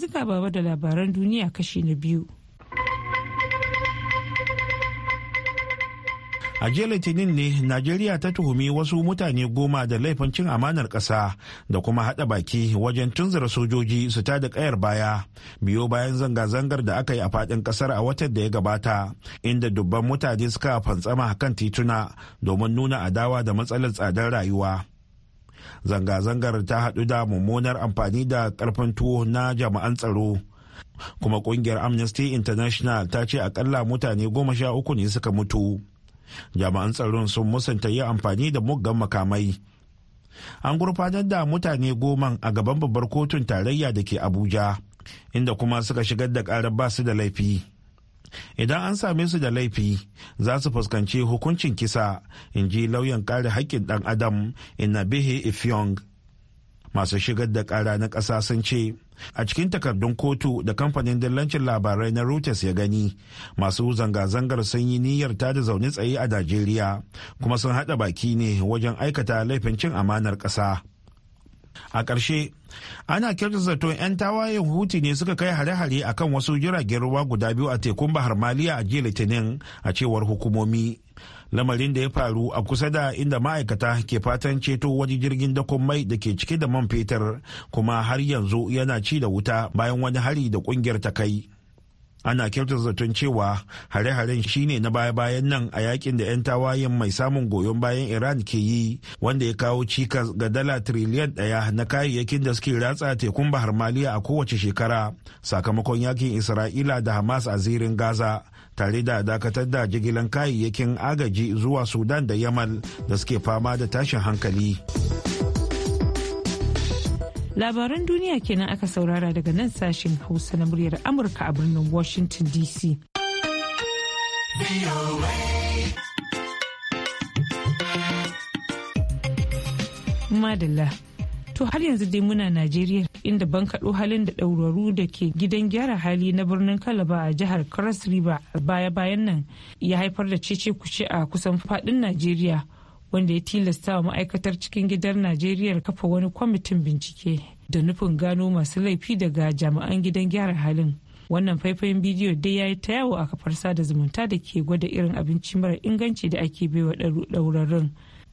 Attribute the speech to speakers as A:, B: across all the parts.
A: yanzu ka baba da labaran duniya kashi na biyu.
B: A jiya Litinin ne Najeriya ta tuhumi wasu mutane goma da laifin cin amanar ƙasa da kuma haɗa baki wajen tunzura sojoji su ta da ƙayar baya biyo bayan zanga-zangar da aka yi a faɗin ƙasar a watan da ya gabata inda dubban mutane suka fantsama kan tituna domin nuna adawa da matsalar tsadar rayuwa. zanga-zangar ta haɗu da mummunar amfani da ƙarfin tuwo na jami'an tsaro kuma ƙungiyar amnesty international ta ce akalla mutane goma sha uku ne suka mutu jami'an tsaron sun musanta yi amfani da muggan makamai an gurfanar da mutane goman a gaban babbar kotun tarayya da ke abuja inda kuma suka shigar da ƙarar basu da laifi idan an same su da laifi za su fuskanci hukuncin kisa in ji lauyan kare haƙƙin ɗan adam in inabihi ifyong masu shigar da ƙara na ƙasa sun ce a cikin takardun kotu da kamfanin dillancin labarai na reuters ya gani masu zanga-zangar sun yi niyyar ta da zaune tsaye a najeriya kuma sun haɗa baki ne wajen aikata laifin cin amanar ƙasa a ƙarshe ana zato 'yan tawayen hutu ne suka kai hare-hare a kan wasu jiragen ruwa guda biyu a tekun bahar maliya a jiya litinin a cewar hukumomi lamarin da ya faru a kusa da inda ma'aikata ke fatan ceto wani jirgin dakon mai da ke cike da man fetur kuma har yanzu yana ci da wuta bayan wani hari da kungiyar ta kai ana kyautar zaton cewa hare-haren shine na baya-bayan nan a yakin da 'yan tawayen mai samun goyon bayan iran ke yi wanda ya kawo cikas ga dala triliyan daya na kayayyakin da suke ratsa tekun bahar maliya a kowace shekara sakamakon yakin isra'ila da hamas a zirin gaza tare da dakatar da jigilan kayayyakin agaji zuwa sudan da yamal da suke fama da tashin hankali.
A: labaran duniya kenan aka saurara daga nan sashen hausa na muryar amurka a birnin washington dc madalla to har yanzu dai muna najeriya inda bankaɗo halin da ɗauraru da ke gidan gyara hali na birnin kalaba a jihar cross river baya-bayan nan ya haifar da cece kuce a kusan faɗin najeriya wanda ya tilasta wa ma'aikatar cikin gidan najeriya kafa wani kwamitin bincike da nufin gano masu laifi daga jami'an gidan gyara halin wannan faifayin bidiyo dai ya yi ta yawo a kafar sada zumunta da ke gwada irin abinci mara inganci da ake baiwa ɗaurarrun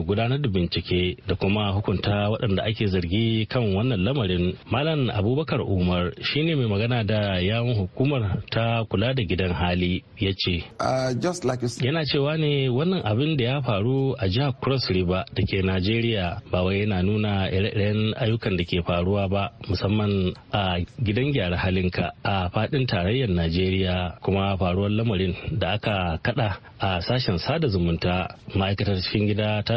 C: da gudanar da bincike da kuma hukunta waɗanda ake zargi kan wannan lamarin malam abubakar umar shine mai magana da yawun hukumar ta kula da gidan hali ya ce uh, yana cewa ne wannan abin da ya faru a jihar cross river da ke najeriya ba wai yana nuna ire-iren ayyukan da ke faruwa ba musamman a gidan gyara halinka a faɗin tarayyar najeriya kuma faruwar lamarin da aka kada a sashen sada zumunta ma'aikatar cikin gida ta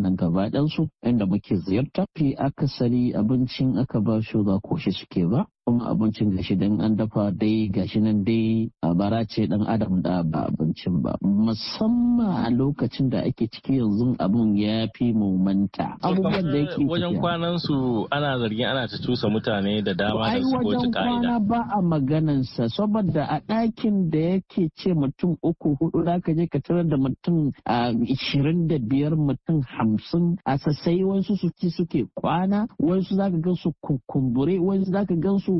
D: nan gaba ɗansu inda muke ziyarta fi akasari abincin aka ba shi ba koshi suke ba tun abincin gashi don an dafa dai gashi nan dai bara ce dan adam da ba abincin ba musamman a lokacin da ake ciki yanzu abun ya fi mumanta abubuwan da yake wajen
C: kwanan su ana zargin ana ta tusa mutane da dama da su wajen kwana
D: ba a maganan sa saboda a ɗakin da yake ce mutum uku hudu ka je ka tarar da mutum ishirin da biyar mutum hamsin a sassai wasu su ci suke kwana wasu zaka gan su kumbure wasu zaka gan su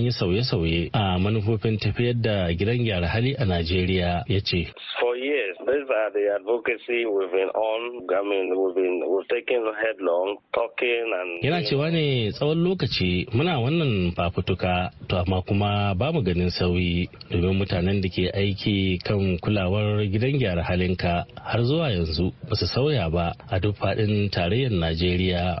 C: an yi sauye-sauye a manufofin tafiyar da gidan gyara hali a Najeriya ya ce. For years, these are the advocacy we've been on, I mean, we've been we've taken headlong, talking and... Yana cewa ne tsawon lokaci muna wannan fafutuka, to amma kuma ba mu ganin sauyi domin mutanen da ke aiki kan kulawar gidan gyara halinka har zuwa yanzu ba su sauya ba a duk faɗin tarayyar Najeriya.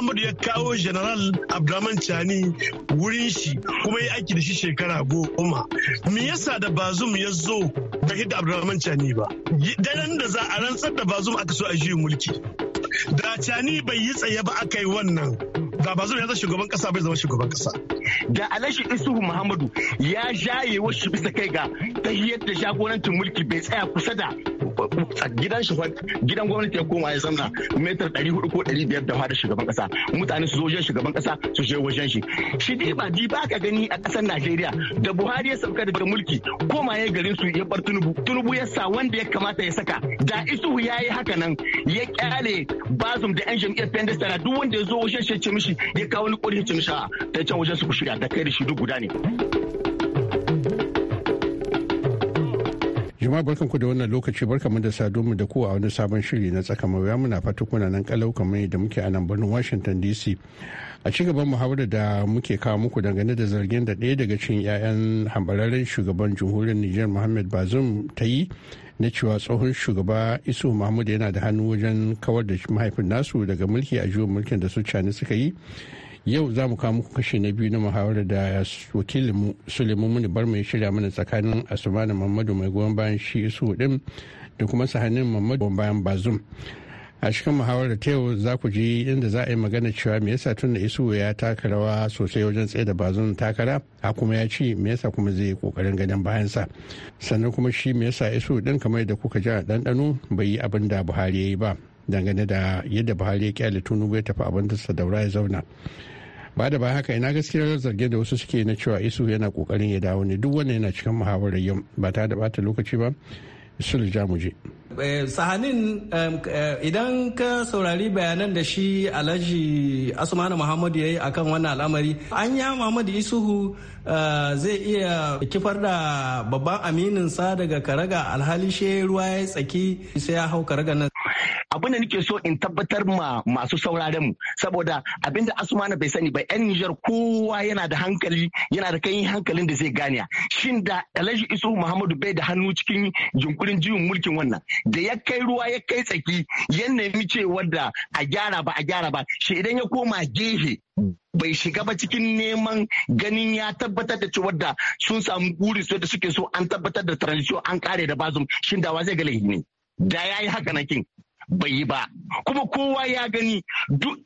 E: Muhammadu ya kawo General Abdulrahman Chani wurin shi kuma ya aiki da shi shekara goma. Me yasa da Bazum ya zo ba hidda Abdulrahman Chani ba? Daren da za a rantsar da Bazum aka so a juyin mulki. Da Chani bai yi tsaye ba aka yi wannan. da ba ya
F: zama shugaban kasa bai zama shugaban kasa. Da Alhaji Isuhu Muhammadu ya jaye wasu bisa kai ga ta yadda jagorancin mulki bai tsaya kusa da gidan shi gidan gwamnati ya koma ya zamna metar 400 ko 500 da fada shugaban kasa mutane su zo wajen shugaban kasa su je wajen shi shi dai ba ba ka gani a kasar Najeriya da Buhari ya sauka daga mulki koma ya garin su ya bar Tunubu Tunubu ya sa wanda ya kamata ya saka da isu ya yi haka nan ya kyale Bazum da yan jam'iyyar Pendestara duk wanda ya zo wajen shi ya ce mishi ya kawo ni kuri ya ce mishi a ta can wajen su ku shirya da kai da shi duk guda ne.
G: Jama'a barkanku da wannan lokaci mu da sadu mu da ku a wani sabon shiri na tsaka mawuya muna fata kuna nan kalau kamar da muke a nan birnin Washington DC. A ci gaban muhawarar da muke kawo muku dangane da zargin da ɗaya daga cikin 'ya'yan hambararren shugaban jamhuriyar Nijar Muhammad Bazoum ta yi na cewa tsohon shugaba Isu Mahmud yana da hannu wajen kawar da mahaifin nasu daga mulki a juyin mulkin da su cani suka yi. yau za mu kawo muku kashe na biyu na muhawarar da wakilinmu suleiman muni bar mai shirya mana tsakanin asumana mamadu mai goyon bayan shi su din da kuma sahanin mamadu bayan bazum a cikin muhawarar ta yau za ku ji inda za a yi magana cewa me yasa tun da isu ya taka rawa sosai wajen tsaye da bazun takara a kuma ya ci me yasa kuma zai yi kokarin ganin bayansa sannan kuma shi me yasa isu din kamar da kuka ji a ɗanɗano bai yi abin da buhari ya yi ba dangane da yadda buhari ya kyale tunubu ya tafi abin da daura ya zauna ba da ba haka ina gaskiyar zarge da wasu suke na cewa isu yana kokarin ya dawo ne duk wanda yana cikin muhawarar yau ba ta da bata lokaci ba sulhu jamuje
H: eh, sahanin eh, idan ka saurari bayanan da shi alhaji asmanu muhammadu ya yi akan wannan al'amari an ya muhammadu isuhu eh, zai iya kifar da babban aminin sa daga karaga alhali shi ruwa ya tsaki sai ya hau karaga nan abin da nake so in tabbatar ma masu sauraren mu saboda abin da asmana bai
F: sani ba yan nijar kowa yana da hankali yana da kai hankalin da zai gane shin da alhaji isu muhammadu bai da hannu cikin jinkurin jiwon mulkin wannan da ya kai ruwa ya kai tsaki ya nemi cewa da a gyara ba a gyara ba shi idan ya koma gehe bai shiga ba cikin neman ganin ya tabbatar da cewar da sun samu guri da suke so an tabbatar da transition an kare da bazum shin da wa zai ga ne da ya yi haka na kin bai yi ba kuma kowa ya gani duk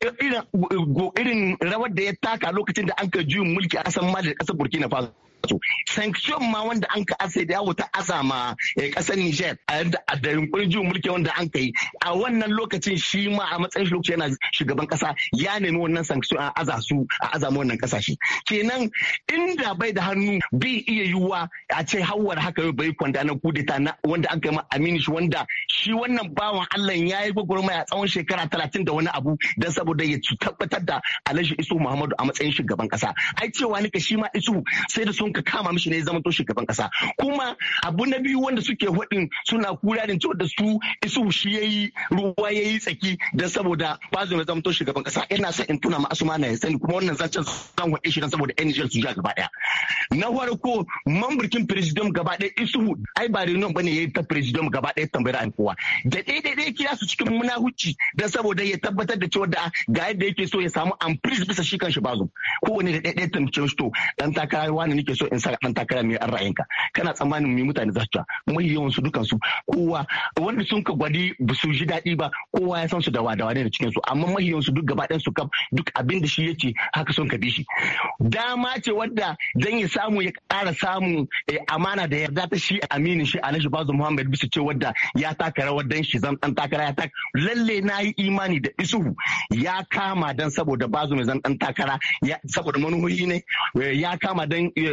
F: irin rawar da ya taka lokacin da an ka juyin mulki a san mali da ƙasar burkina faso su sanction ma wanda an ka asa da ta asa ma kasar eh, Niger a yadda da yunkurin juyin mulki wanda an kai a wannan lokacin shi ma a matsayin lokaci yana shugaban kasa ya nemi wannan sanction a aza su a aza wannan kasashe kenan inda bai da hannu bi iya yiwuwa a ce hawar haka yau bai kwanda na kudeta na wanda an kai ma Aminu shi wanda shi wannan bawan Allah ya yi gwagwarmaya tsawon shekara talatin da wani abu don saboda ya tabbatar da Alhaji Isu Muhammadu a matsayin shugaban kasa ai cewa ka shi ma Isu sai da sun ka kama mishi ne zama to shugaban kasa kuma abu na biyu wanda suke hudin suna kura din cewa da su isu shi yayi ruwa yayi tsaki dan saboda bazu zama to shugaban kasa ina sa in tuna ma asuma na sani kuma wannan zancen zan hudin shi dan saboda NGL su ja gaba daya na farko mamburkin president gaba daya isu ai ba reunion bane yayi ta president gaba daya tambayar an kowa da daidai kira su cikin munahuci dan saboda ya tabbatar da cewa da ga yadda yake so ya samu amprise bisa shi shi bazu kowane da daidai tantance shi to dan takarawa ne nake so so in sa dan takara mai an ra'ayinka kana tsammanin mai mutane za su ta mai yawan su dukan su kowa wanda sun ka gwadi ba su ji daɗi ba kowa ya san su da wadawa ne da cikin su amma mai yawan su duk gaba ɗayan su kam duk abin da shi yace haka sun ka bi shi dama ce wadda zan ya samu ya ƙara samu eh, amana da yarda ta shi aminin shi Alhaji bazu Muhammad bisa ce wadda ya taka rawar dan shi zan dan takara ya tak lalle na yi imani da isuhu ya kama dan saboda bazu mai zan dan takara saboda manuhoyi ne eh, ya kama dan eh,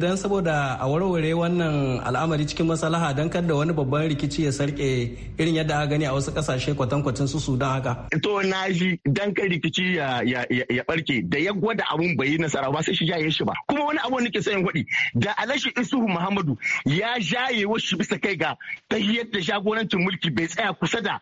H: don saboda a warware wannan al'amari cikin masalaha don da wani babban rikici ya sarke irin yadda aka gani a wasu kasashe kwatankwacin su sudan haka. to na ji dan kan rikici ya barke da ya gwada
F: abun bai yi nasara ba sai shi jaye shi ba kuma wani abu nake sayan kuɗi da alashi isuhu muhammadu ya jaye wasu bisa kai ga ta da shagonancin mulki bai tsaya kusa da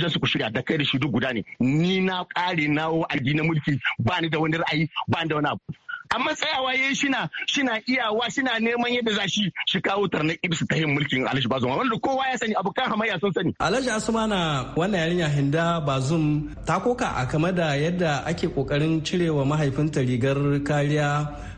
F: wajen su ku shirya da kai da shi duk guda ne ni na kare na wa'adi na mulki ba ni da wani ra'ayi ba ni da wani abu amma tsayawa yayi shina shina iyawa shina neman yadda za shi shi kawo tarnar ibsu ta yin mulkin Alhaji Bazum
H: wanda kowa ya sani abokan hamayya sun sani Alhaji Asmana wannan yarinya Hinda Bazum ta koka a kama da yadda ake kokarin cirewa mahaifinta rigar kariya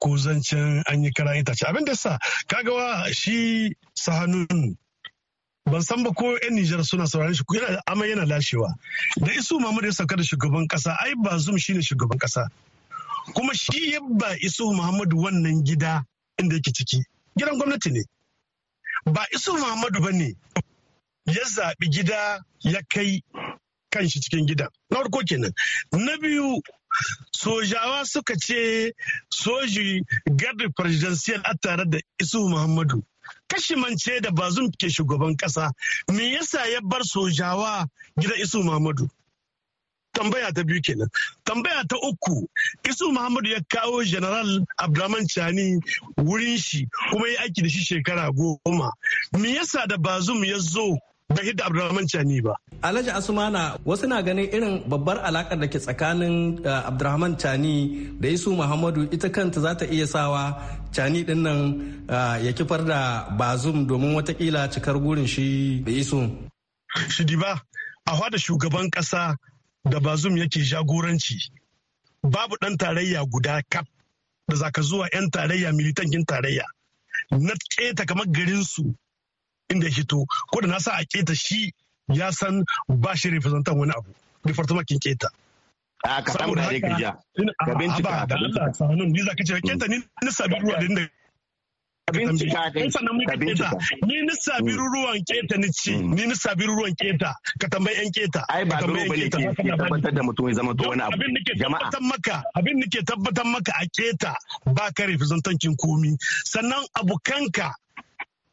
E: ko zancen an yi kira itace abin da sa kagawa shi sahanun ban san ba ko 'yan Nijar suna sauraron shi yana amai yana lashewa da isu da ya sauka da shugaban kasa ai ba bazum ne shugaban kasa kuma shi ya ba isu Muhammadu wannan gida inda yake ciki gidan gwamnati ne ba isu Muhammadu ba ne ya zaɓi gida ya kai kan shi cikin gidan na farko kenan na biyu sojawa suka ce soji gabi presidential a tare da isu muhammadu kashimance da bazum ke shugaban kasa me yasa ya bar sojawa gida isu muhammadu tambaya ta biyu kenan tambaya ta uku isu muhammadu ya kawo general abdulrahman chani wurin shi kuma ya aiki da shi shekara goma me yasa da bazum ya zo
H: ba da abdurrahman chani ba alhaji asumana wasu na ganin irin babbar alakar da ke tsakanin eh, abdurrahman chani da isu muhammadu ita kanta za ta iya sawa chani din nan eh, ya kifar da bazum domin watakila cikar gurin shi da isu shi ba, a hada shugaban kasa da bazum yake jagoranci
E: babu dan tarayya guda kap da zaka zuwa yan tarayya militankin tarayya na keta kamar garinsu inda ya hito ko da na sa a keta shi ya san ba shi representan wani abu department kin keta a ka samu da ya kirja ka bincika da Allah sanun ni za ka ce keta ni ni sabi ruwa da
A: bincika kai sannan
E: muka keta ni ni sabi mm. ruwan keta ni ci mm. ni ni sabi ruwan keta ka tambayi yan keta ai ba dole bane ke tabbatar da
F: mutum ya zama to wani abu jama'a
E: abin maka abin nake tabbatar maka a keta ba ka representan kin komi sannan abukanka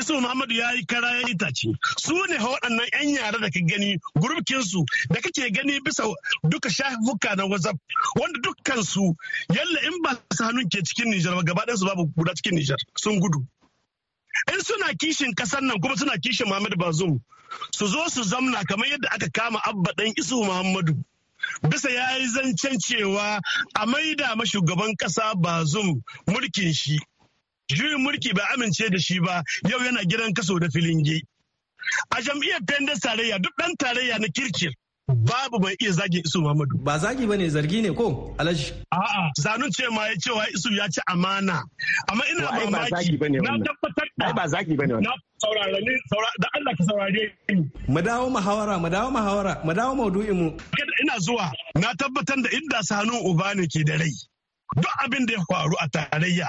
E: Isu Muhammadu ya yi kara ya yi tace su ne waɗannan 'yan yara da ka gani gurbikinsu da kake gani bisa duka shafuka na wazaf wanda dukkansu yalla in ba su hannun ke cikin Nijar ba gaba su babu guda cikin Nijar sun gudu. In suna kishin ƙasar nan kuma suna kishin Muhammadu Bazum su zo su zamna kamar yadda aka kama abba ɗan Isu Muhammadu. bisa ya yi zancen cewa a maida shugaban ƙasa bazum mulkin shi juyin mulki bai amince da shi ba yau yana gidan kaso da filingi. A jam'iyyar pendas tarayya duk ɗan tarayya na kirkir babu mai iya zagin isu Muhammadu. Ba zagi ba ne zargi ne ko alaji. A'a zanun ce ma ya cewa isu ya ci amana. Amma ina mamaki na tabbatar da. ba zagi ba ne wannan. Saurare ni da Allah ka saurare ni. Mu dawo muhawara mu dawo muhawara mu dawo maudu'in mu. Ina zuwa na tabbatar da inda sanu uba ne ke da rai. Duk abin da ya faru a tarayya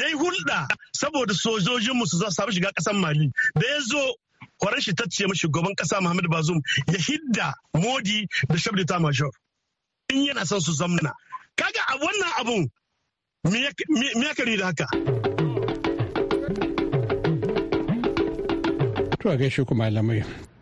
E: ya yi hulɗa saboda sojojinmu su shiga ƙasar mali da ya zo kwaran shi ta ce gaban ƙasa muhammadu bazum ya hidda modi da shabda ta in yana son su zamna kaga a wannan abun me ya kari da haka
G: to a gaishe kuma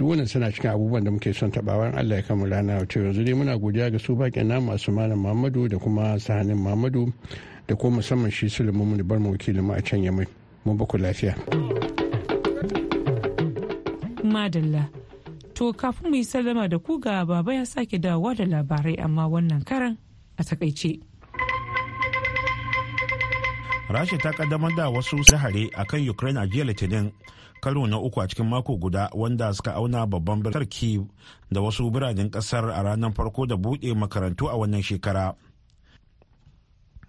G: duk wannan suna cikin abubuwan da muke son tabawan Allah ya kama rana wato yanzu dai muna godiya ga su bakin na masu malam Muhammadu da kuma sahanin Muhammadu da kuma musamman shi Sulaiman da bar mu wakilin mu a can Yamai mun ba ku lafiya
A: madalla to kafin mu yi sallama da ku ga baba ya sake dawowa da labarai amma wannan karan a takaice
B: rasha ta kaddamar da wasu sahare a kan ukraine a jiya litinin karo na uku a cikin mako guda wanda suka auna babban birnin da wasu biranen kasar a ranar farko da buɗe makarantu a wannan shekara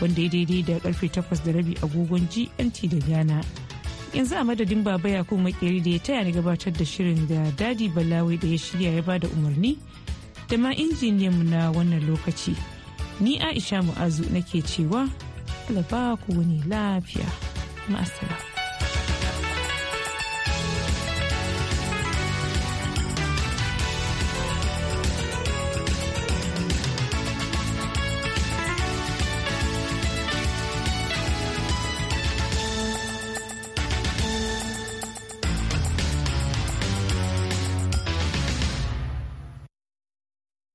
A: wanda ya daidai da karfe takwas da rabi agogon GMT da Ghana. Yanzu a madadin baba Yakub makeri da ya taya ni gabatar da shirin da Dadi balawai da ya shirya ya bada umarni da ma injiniyan mu na wannan lokaci. Ni Aisha Mu'azu nake cewa, Allah ba ku wani lafiya. Ma'asala.